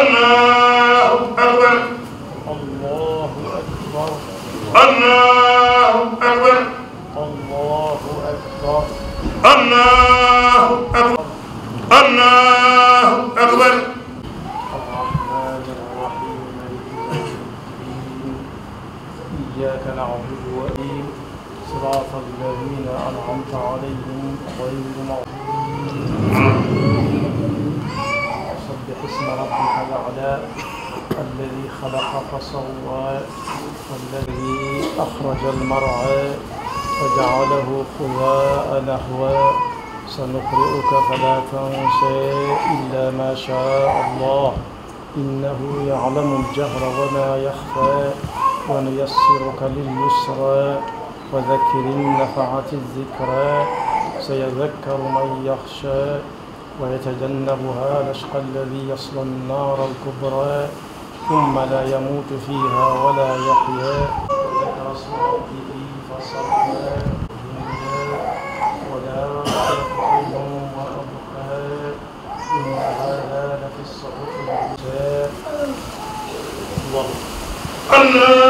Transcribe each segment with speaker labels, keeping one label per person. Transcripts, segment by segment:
Speaker 1: الله أكبر الله أكبر الله أكبر الله أكبر الله أكبر الله أكبر الرحمن الرحيم مالك إياك نعبد وإياك صراط الذين أنعمت عليهم غير المغضوب الأعلى الذي خلق فسوى والذي أخرج المرعى فجعله قواء نحوا سنقرئك فلا تنسى إلا ما شاء الله إنه يعلم الجهر وما يخفى ونيسرك لليسرى وذكر النفعة الذكرى سيذكر من يخشى ويتجنبها الأشقى الذي يصلى النار الكبرى ثم لا يموت فيها ولا يحيا وذكر اسم ربه فصلى ولا يقوم وربها إن هذا لفي الصحف الموسى الله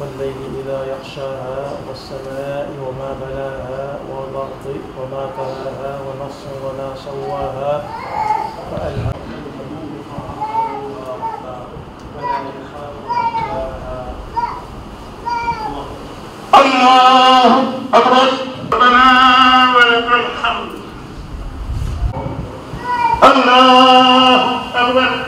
Speaker 1: والليل إذا يغشاها والسماء وما بلاها والأرض وما طهاها ونفس وما سواها فألهمها الله أكبر ربنا ولك الحمد الله أكبر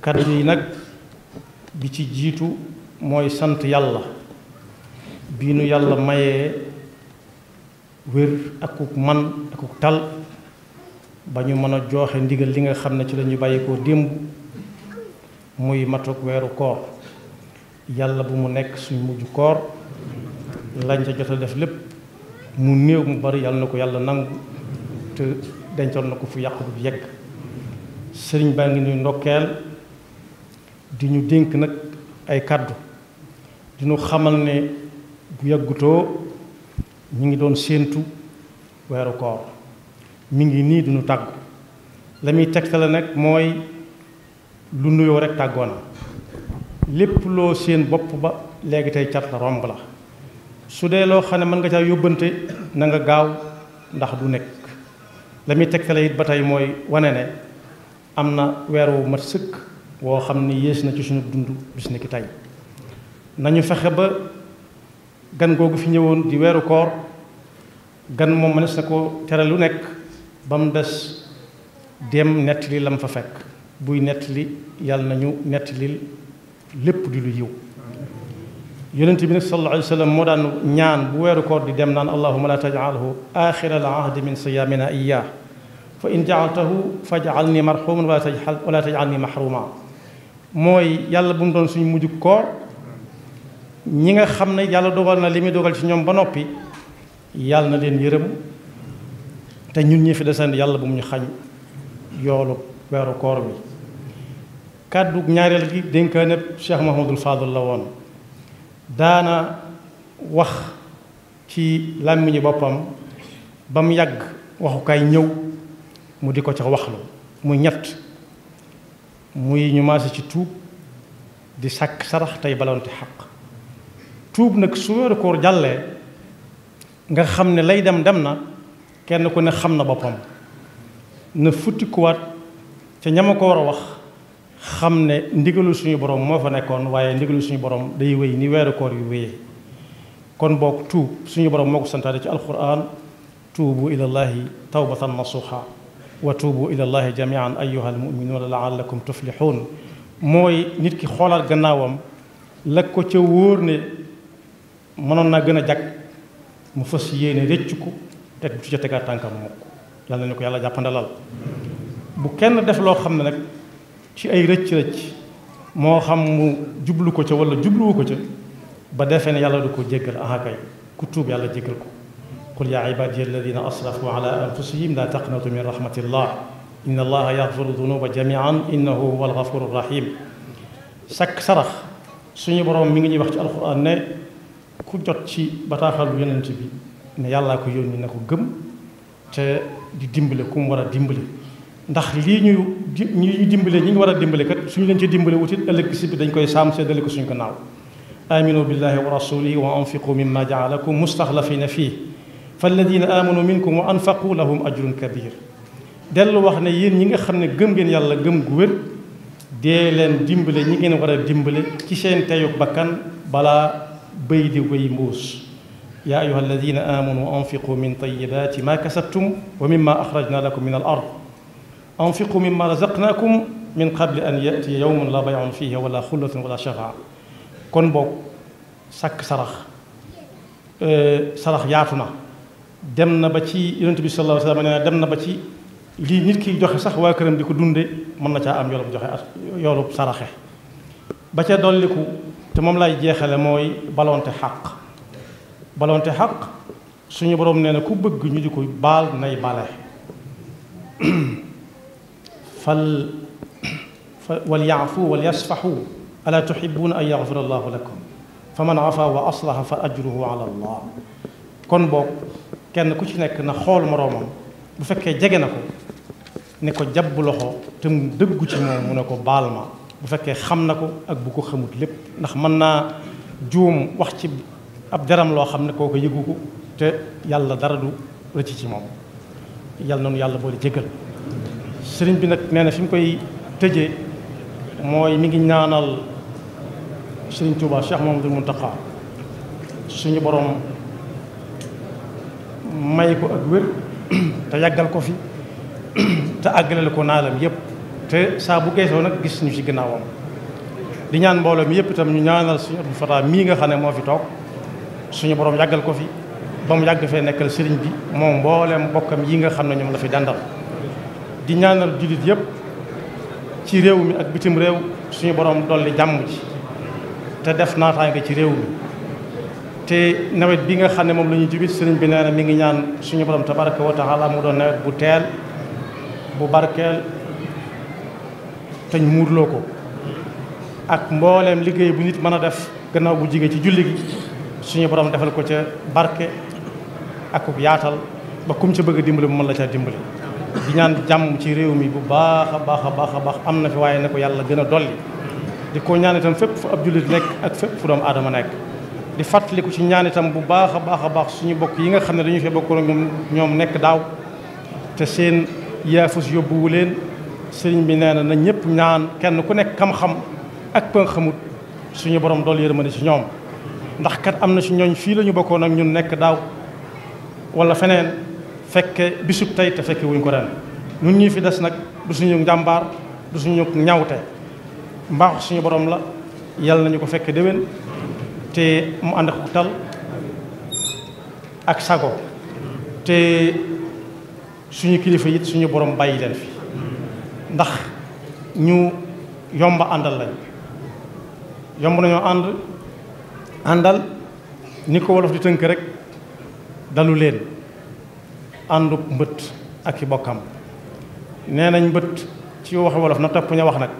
Speaker 1: kaddu yi nag bi ci jiitu mooy sant yàlla bii nu yàlla mayee wér akuk man akuk tal ba ñu mën a jooxe ndigal li nga xam ne ci lañuy bàyyi koo démb muy matuk weeru koor yàlla bu mu nekk suñ mujj koor lañ ca jot a def lépp mu néew mu bari yàlla na ko yàlla nangu te dencoon na ko fu yàqu du yegg sëriñ baa ngi nuy ndokkeel di ñu dénk nag ay kàddu di ñu xamal ne bu yëggutoo mu ngi doon séentu weeru koor mi ngi nii duñu tàggu la muy tegtale nag mooy lu nuyoo rek tàggoo lépp loo séen bopp ba léegi tey cat la romb la su dee loo xam ne mën nga ca yóbbante nanga gaaw ndax du nekk la muy tegtale it ba tey mooy wane ne am na weer wu mat sëkk woo xam ne yées na ci suñu dund bis ni ki tey nañu fexe ba gan googu fi ñëwoon di weeru koor gan moom mënees na ko tere lu nekk ba mu des dem nettali lam fa fekk buy nettali yàlla nañu nettali lépp di lu yiw yonent bi nag sallallahu alayhi wa moo daan ñaan bu weeru koor di dem naan allahuma la tajalhu axira al ahdi min siyaamina iyaa fa in jaaltahu fajal ni marxuman wala tajal wala tajal ni mahruuma mooy yàlla bu mu doon suñu mujj koor ñi nga xam ne yàlla dogal na li muy dogal ci ñoom ba noppi yàlla na leen yërëm te ñun ñi fi desandi yàlla bu mu ñu xañ yoolu weeru koor bi kàddu ñaareel gi dénkaane Cheikh Mahamadul Fadul la woon daana wax ci làmmiñu boppam ba mu yàgg waxukaay ñëw mu di ko ca waxlu mu ñett muy ñu maase ci tuub di sàkk sarax tey balonte xaq tuub nag su weeru koor jàllee nga xam ne lay dem dem na kenn ku ne xam na boppam na futti kuwaat ca ñama ko war a wax xam ne ndigalu suñu borom moo fa nekkoon waaye ndigalu suñu borom day wéy ni weeru koor yu wéyee kon boog tuub suñu borom moo ko santaane ci alquran tuubu ilallahi tawbatan nasuha wa tuubu ila llahi jamian ayuha almuminuuna laallakum tuflixuun mooy nit ki xoolaat gannaawam la ko ca wóor ne mënoon naa gën a jag mu fas yéene rëcc ko te du ci tegaat tànkam mukk yàlla ne ko yàlla jàppandalal bu kenn def loo xam ne nag ci ay rëcc-rëcc moo xam mu jublu ko ca wala jubluwu ko ca ba defee ne yàlla du ko jéggal ahakay ku tuub yàlla jéggal ko qul yaa ibaadiya alladina asrafu ala anfusihim la taqnatu min rahmatillah inna allaha yaxfiru suñu borom mi ngi ñuy wax ci ku jot ci bataaxalu yonent bi ne yàllaa ko yónni na ko gëm te di dimbale ku mu war a dimbale ndax lii ñu ñuy ñu ñi ngi war a dimbale kat suñu leen ci dimbale wutit ëllëg si bi dañ koy saam seddale ko suñu ko naaw aminu billahi wa rasulihi wa anfiqu mimma jaalakum fii falladina amanu minkum wa anfaqu lahum ajrun kabir dellu wax ne yéen ñi nga xam ne gëm ngeen yàlla gëm gu wér dee leen dimbale ñi ngeen war a dimbale ci seen teyu bakkan balaa bëy di wéy mbuus yaa ayuha alladina amanu anfiqu min tayibati ma kasabtum wa mimma axrajna lakum min al ard anfiqu mimma razaqnakum min qabli an yatiya yawmun la bayun fihi wala xullatun wala shafaa kon boog sàkk sarax sarax yaatu na dem na ba ci yonent bi sallallahu alayhi wa dem na ba ci nit kiy joxe sax waa këram di ko dunde mën na caa am yoolub joxe as yoolub saraxe ba ca dolliku te moom lay jeexale mooy balonte xaq balonte xaq suñu borom nee na ku bëgg ñu di ko baal nay bale fal wal yaafu wal yasfaxu ala tuxibuuna an yaxfira allahu lakum fa man afa wa aslaha fa ajruhu ala allah kon boog kenn ku ci nekk na xool moroomam bu fekkee jege na ko ne ko jàpp loxo te mu dëggu ci moom mu ne ko baal ma bu fekkee xam na ko ak bu ko xamut lépp ndax mën naa juum wax ci ab deram loo xam ne koo ko yëgu ko te yàlla dara du rëcc ci moom yàlla noonu yàlla boole jégal sëriñ bi nag nee na fi mu koy tëje mooy mi ngi ñaanal sëriñ Touba Cheikh Mamadou Mountakha suñu borom. may ko ak wér te yàggal ko fi te àggaleel ko naalam yëpp te saa bu geesoo nag gis ñu ci ginnaawam di ñaan mbooloo mi yëpp itam ñu ñaanal suñu Abdou Fatah mii nga xam ne moo fi toog suñu borom yàggal ko fi ba mu yàgg fee nekkal sëriñ bi moo mbooleem bokkam yi nga xam ne ñoom la fi dandal di ñaanal jullit yëpp ci réew mi ak bitim réew suñu borom dolli jàmm ji te def naataange ci réew mi te nawet bi nga xam ne moom lañu ñu jibi bi nee na mi ngi ñaan suñu borom tabaraka wa taala mu doon nawet bu teel bu barkeel teñ muurloo ko ak mbooleem liggéey bu nit mën a def gannaaw bu jigee ci julli suñu borom defal ko ca barke ak yaatal ba kum ca bëgg dimbale dimbali mu mën la caa dimbali di ñaan jàmm ci réew mi bu baax a baax a baax a baax am na fi waaye ne ko yàlla gën a dolli di ko ñaan itam fépp fu ab jullit nekk ak fépp fu doomu aadama nekk di fàttaliku ci ñaani itam bu baax a baax a baax suñu bokk yi nga xam ne dañu fee bokkoon ak ñoom nekk daaw te seen yaafus yóbbuwu leen sëriñ bi nee na na ñëpp ñaan kenn ku nekk xam-xam ak pën xamut suñu borom dool yërmande ci ñoom ndax kat am na ci ñooñ fii la ñu bokkoon ak ñun nekk daaw wala feneen fekke bisub tey te fekke wuñ ko ren ñun ñii fi des nag du suñu njàmbaar du suñu ñawte mbaax suñu borom la yàlla nañu ko fekke déwén te mu ànd ak tal ak sago te suñu kilifa yit suñu borom bàyyi leen fi ndax ñu yomba àndal lañ yomb nañoo ànd àndal ni ko wolof di tënk rek dalu leen àndub mbët ak i bokkam nee nañ mbëtt ci waxi wolof na topp ña wax nag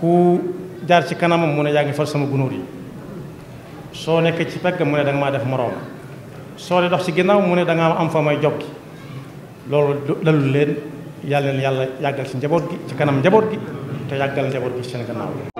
Speaker 1: ku jaar ci kanamam mu ne yaa ngi far sama gunóor yi soo nekkee ci pegg mu ne da nga maa def moroom soo dee dox ci ginnaaw mu ne da nga am fa may jokki loolu dalul leen yàlla leen yàlla yàggal ci njaboot gi ci kanam njaboot gi te yàggal njaboot gi seen gannaaw